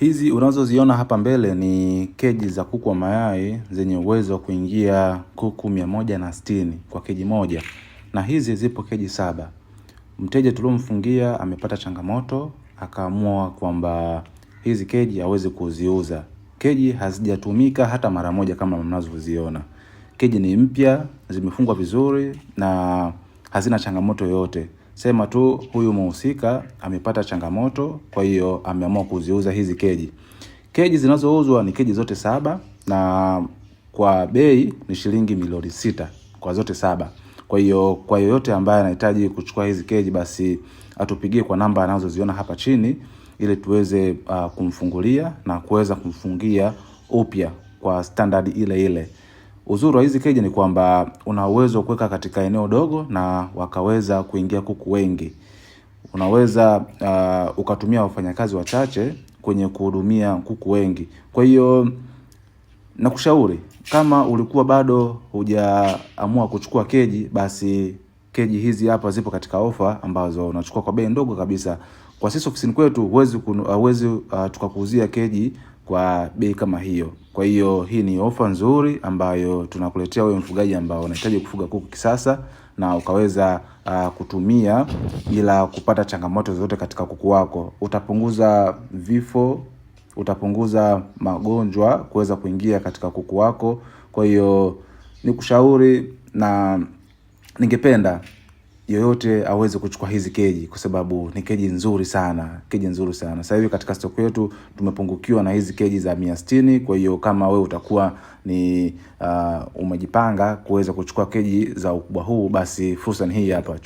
Hizi unazoziona hapa mbele ni keji za kuku wa mayai zenye uwezo wa kuingia kuku mia moja na sitini kwa keji moja, na hizi zipo keji saba. Mteja tuliomfungia amepata changamoto, akaamua kwamba hizi keji hawezi kuziuza. Keji hazijatumika hata mara moja kama mnazoziona Keji ni mpya, zimefungwa vizuri na hazina changamoto yoyote sema tu huyu muhusika amepata changamoto, kwa hiyo ameamua kuziuza hizi keji. Keji zinazouzwa ni keji zote saba na kwa bei ni shilingi milioni sita kwa zote saba. Kwa hiyo kwa yoyote ambaye anahitaji kuchukua hizi keji, basi atupigie kwa namba anazoziona hapa chini ili tuweze uh, kumfungulia na kuweza kumfungia upya kwa standard ile ile. Uzuri wa hizi keji ni kwamba una uwezo kuweka katika eneo dogo na wakaweza kuingia kuku wengi. Unaweza uh, ukatumia wafanyakazi wachache kwenye kuhudumia kuku wengi. Kwa hiyo nakushauri kama ulikuwa bado hujaamua kuchukua keji, basi keji hizi hapa zipo katika ofa ambazo unachukua kwa bei ndogo kabisa. Kwa sisi ofisini kwetu huwezi uh, uh, tukakuuzia keji kwa bei kama hiyo. Kwa hiyo hii ni ofa nzuri ambayo tunakuletea wewe mfugaji ambao unahitaji kufuga kuku kisasa na ukaweza uh, kutumia bila kupata changamoto zote katika kuku wako. Utapunguza vifo, utapunguza magonjwa kuweza kuingia katika kuku wako. Kwa hiyo ni kushauri na ningependa yoyote aweze kuchukua hizi keji kwa sababu ni keji nzuri sana, keji nzuri sana. Sasa hivi katika stoko yetu tumepungukiwa na hizi keji za mia sitini. Kwa hiyo kama wewe utakuwa ni uh, umejipanga kuweza kuchukua keji za ukubwa huu, basi fursa ni hii hapa.